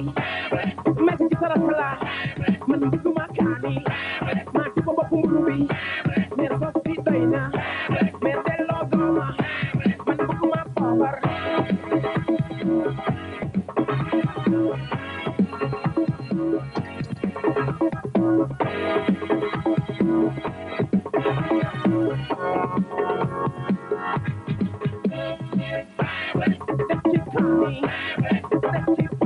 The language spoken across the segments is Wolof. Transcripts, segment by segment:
metti ci sarasala man bëgguma kaani maa ci ko bopp mburu bi mer bos bi doy na mer delloo dooma man bëgguma poobar Thank you.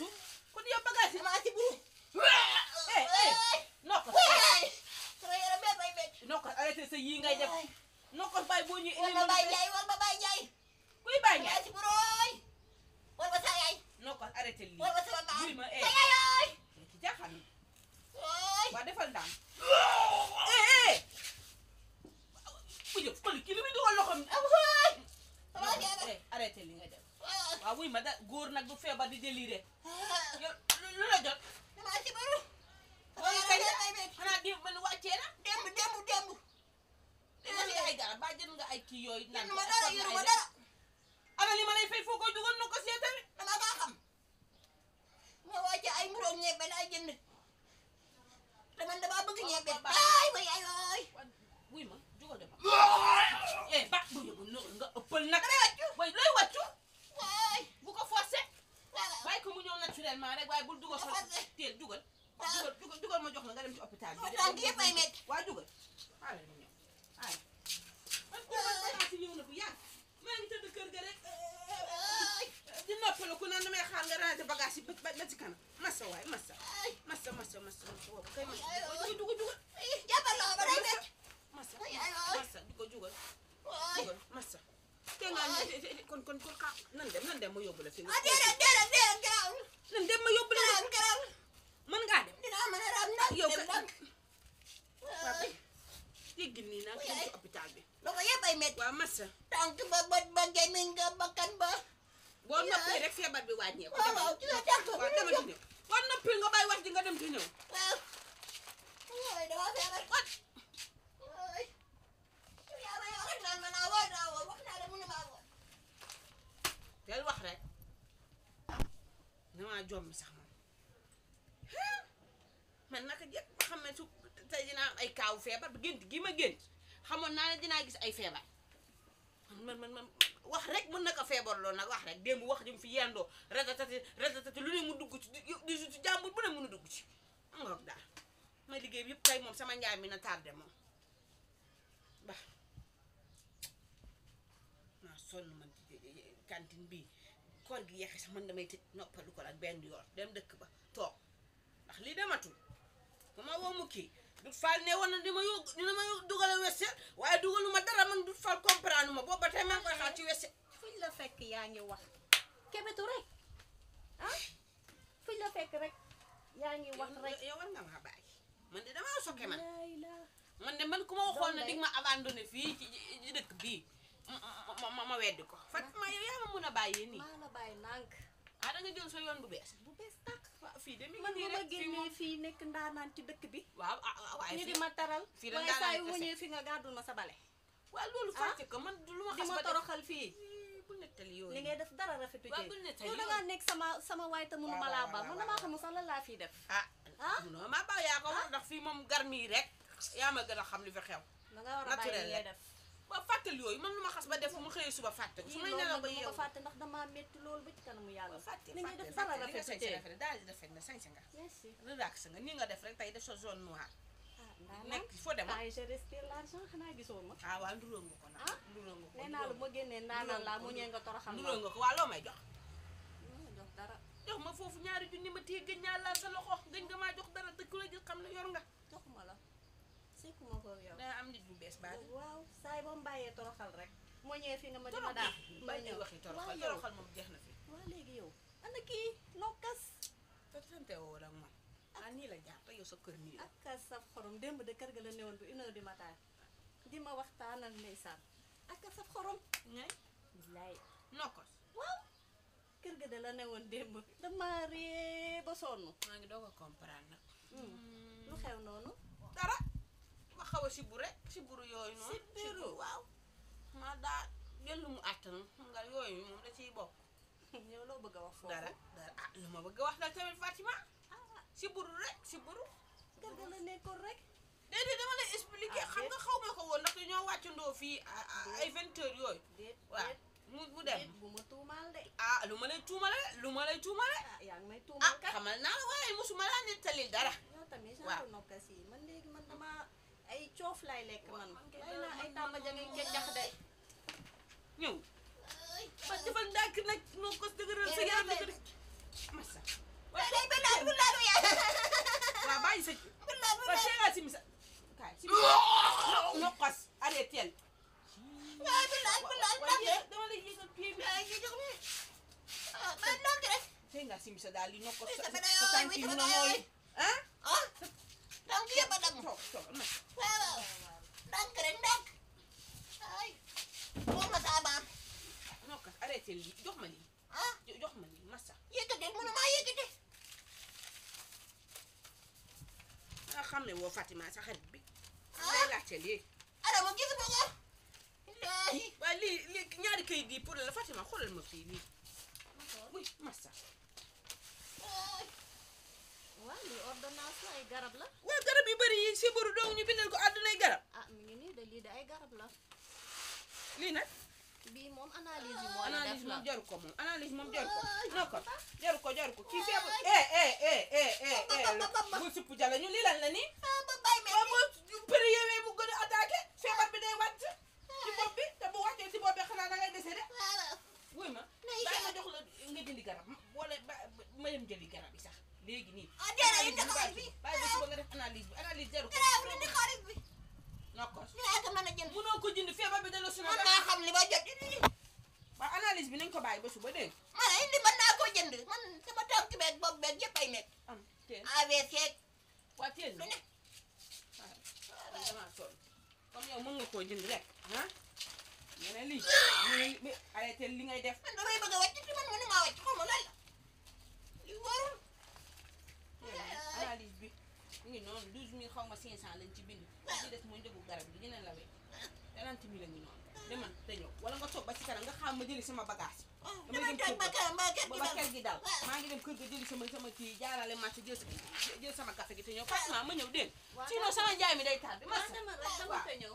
noppatu kon yow bagage yi maa ci buru eh eh noppatu noppatu arrêté sa ngay def noppatu bàyyi boo ñuy indi wuy ma da góor nag du feebar di déliré yow lu la jot. damaa si bëru. loolu kañ la xanaa démb man wàccee na. démb démb démb. ay garab ba jël nga ay kii yooyu. naan ma dara yoruma dara. dugal ma jox la nga dem ci hôpital bi. hôpital bi yëpp ay métti. waaw dugal waaw la ñu ñëw waaw. man ku bu yàgg maa ngi tëdd kër ga rek di ku ne nu may xaar nga ranger bagage yi ba ba ci kanam massa waay massa massa massa massa waaw kay massa dugal dugal dugal. jàppaloo ba day métti. massa massa dugal dugal dugal massa. te nga kon kon nan dem nan dem ma yóbbu la fi. ah déedéet déedéet. koy métti. waaw massa tànk ba bët ba gémmiñ nga bakkan ba. boo noppi rek feebar bi wàññeeku. waaw waaw ci la tànk bi dama di ñëw. boo noppi nga bàyyi wax ji nga dem di ñëw. waaw. bu ñëwee dama feebar wat. del wax rek damaa jomm sax moom man naka jëkk ma xam ne su tey dinaa am ay kaawu feebar bi gént gi ma gént xamoon naa ne dinaa gis ay feebar man man man wax rek mën na ko feebarloo nag wax rek démb wax jëm fi yendoo ratatati ratatati lu ne mu dugg ci di su ci jàmbur bu ne a dugg ci ngoog daal ma liggéey bi yëpp moom sama njaay mi na tardé moom ba maa man cantine bii koor gi yeexe sax man damay tëj noppalu ko ak benn yoon dem dëkk ba toog ndax lii dematul bu ma woo mu kii Dut Fall ne woon na dina ma yóbbu dina ma yóbbu dugal wesel waaye dugaluma dara man Dut Fall comprendre ma boobu ba tey maa ngi koy ci wesel. fuñ la fekk yaa ngi wax kebetu rek ah? fekk rek yaa ngi wax rek. yow war nga maa bàyyi man de damaa sokke man man de man ku ma waxoon ne di ma abandonné fii ci dëkk bii ma ma weddi ko. Fatma yow yaa ma mun a bàyyi nii. maa la bàyyi nànk. ah da nga jël yoon bu bees. bu bees tàq. waaw fii de mi ngi nii rek fii man fii nekk ndaanaan ci dëkk bi. waaw ah, ah waaye di ma taral. fii la ndaanaan waaye saa yu fi nga gàddul ma sa bale. waaw loolu ah? fàtte man du ma xas ba def di ma toroxal fii. bu nettali yooyu li ngay def dara rafetu jéeg. waaw bu nettali dangaa nekk sama sama waay te mënu ma laa ba man damaa xamul sax lan laa fii def. ah ah non maa baax yaa ko war ah? ndax fii moom garmi rek yaa ma gën a xam lu fi xew. da nga war a bàyyi lay def ba fàttal yooyu man lu ma xas ba def mu xëyee suba fàtte ko su may nelaw ba yeewu fàtte ndax damaa metti loolu ba ci kanamu yàlla fàtte li nii nga def rek tey def sa zone noire ah, nekk foo demoon ah je nga ko na nduróo ma génnee ndaanaan laa mu ñee nga toroxal nduróo nga ko ah, waa loo may jox jox ma foofu ñaari junni ma téye gëñ ñaar laa sa loxo gëñ nga maa ma ko yow. dana am nit bu bees baax waaw saay ba mu bàyyee toroxal rek. moo ñëwee fi nga ma dina daal ma ñëw waxi toroxal toroxal moom jeex na fi. waaw léegi yow ana kii nokkas. te tante woo ak ah, nii la jaar te yow sa kër nii la. ak ka saf kër ga la newoon bi une di ma waxtaan ak ndeysaan ak ka saf xorom. ñooy. bilaay ga de newoon démb. dama sonn. maa ngi doog a comprendre nag. Hmm. lu xew noonu. dafa xaw a siburu rek siburu yooyu noonu. siburu waaw. ma daa jël lu mu àttan nga yooyu moom da ciy bokk. bëgg a wax foofu dara dara ah lu ma bëgg a wax nag tamit Fatima. ah siburu rek siburu. kër ga dama lay expliquer ah, xam nga xaw ma ko woon ndax dañoo wàccandoo fii ah, ah, ay vingt yooyu. déet waaw mu mu dem de. ah lu ma lay tuumale lu ma lay tuumale. ah yaa naa la waaye mosuma laa nettalil dara. waaw foofu laay lekk man may naa ay tàmba ja ngay keccax de ñëw ba defal ndànk nag moo ko dëgëral sa yaram dëgër masa waaye bu laal bu laal yaay waaw bàyyi sa bu laal bu laal waaw simi sa kaay simi no xas arrêtel waaye bu laal bu laal dama lay yëgal pied bi ay jox mi ah man ndànk rek nga simi sa daal li no ko sa tànk yi mu nooy ah yow kii yëpp a dem toog toog na waaw waaw ndànk rek ndànk ay jox ma saa baam. non kat arrêté ma lii. ah ma xam ne woo Fatima sa xarit bi. ah lay laajte lii. adama gis nga ko. waaye lii lii ñaari kayit yi pour la Fatima xoolal ma fii lii. oui lii ordonnance garab la. waaw garab yu bëri yi sibaru doomu ñu bindal ko àddunay garab. ah mi ngi nii de lii ay garab la. lii nag. bii moom analyse moo def la analyse moom jaru ko moom analyse moom jaru ko non ah, ko jaru ko jaru ko kii feebar. Ah, eh eh eh eh eh bu supp jala ñu lii lan la nii. ba ah, bay mel nii waaw bu gën a attaqué feebar bi day wàcc ci bopp bi te bu wàccee ci bopp bi xanaa da a dese de. wuy ma bàyyi ma la nga jëli garab wala ma dem léegi nii. ah déedéet ñu taxawal bi bàyyi ba suba nga def analyse bi analyse jarul. gannaaw li di xarit bi. nokkoos dinaa ko mën a jënd. mënoo ko jënd feebar bi dana sonal. mën naa xam li ma jot nii. waaw analyse bi nañ ko bàyyi ba suba dégg nga. man indi mën naa ko jënd man sama tànk beeg bopp beeg yëpp ay nekk. am teel AVC. waa teel na lu ne. waaw damaa toll comme yow mën nga koo jënd rek ah. nga ne lii lii arrêté li ngay def. man damay bëgg a wàcc ci man mënuma wàcc xaw ma lan la li warul. mu ngi noonu 12000 xaw ma 500 lañ ci bind li des mooy njëgu garab gi dina la wey 30000 la ñu noonu demal te ñëw wala nga toog ba ci kanam nga xam ma jëli sama bagage. damay maa sama sama gi te ñëw Fatma ma ñëw dégg sinon sama njaay mi day tardé. ma sama te ñëw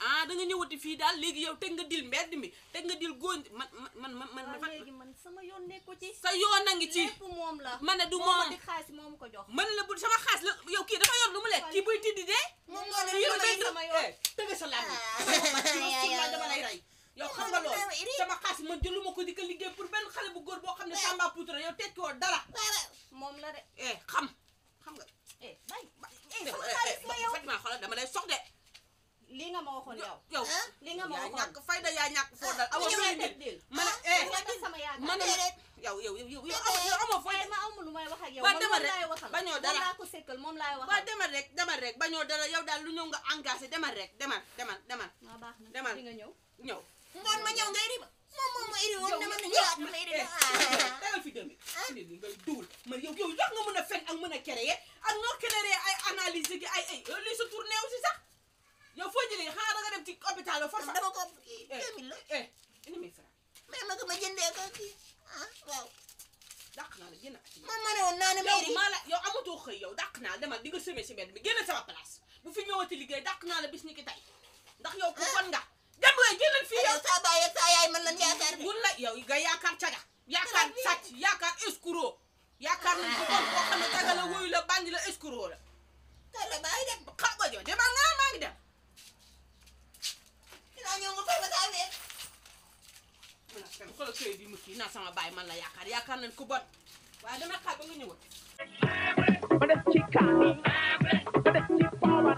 ah da nga ñëwati fii daal léegi yow teg nga dil mbedd mi teg nga dil góor man man man man. waaw ah, léegi man sama yoon nekku ci. sa yoon a ngi ci lépp moom la. man ne du moom moom di xaalis ko jox. man la bu sama xaalis la yow kii dafa yor lu mu lekk kii buy tiddi dee. ñàkk fayda yaa ñàkk foo dal a ma ne ah, eh, ma ne a yow yow yow amoo foo eh, ma amul lu a wax a yow ba demal rek bañoo dara laa ko sekkal moom laay wax ba demal rek demal a bañoo dara yow daal lu ñëw nga engagé demal rek demal demal demal ah, demal nga ñëw ñëw ngoon ma ñëw nga iri ma moom moom ma iri woon ne man eh, yow yow a fen ak a créer ak noo ay analyse gi ay ay sa yow foo jëlee xanaa da nga dem ci hôpital la forfa dama ko kii eh, deux mille la eh, eh indi mille francs mais ma ko ma jëndee ah, ma ne woon naa ne mairie maa la yow amatoo naa la di nga semé bi génn sama place bu fi ñëwati liggéey naa la bis ni ndax yow ku kon ah. nga dem nga génnal fii yow saa baay ak saa yaay mën lan yaakaar mun la yow nga yaakaar caga yaakaar la wuyu la bandi la escroc la kala ma nga maa dem ñëw ma sa affaire. ma ne ko xoolal këyit yu mucc yi naa sama baay man la yaakaar yaakaar nañ ko bon waaye dama xaar ba nga ñëwal. ba def ci kaani ba def ci poobar.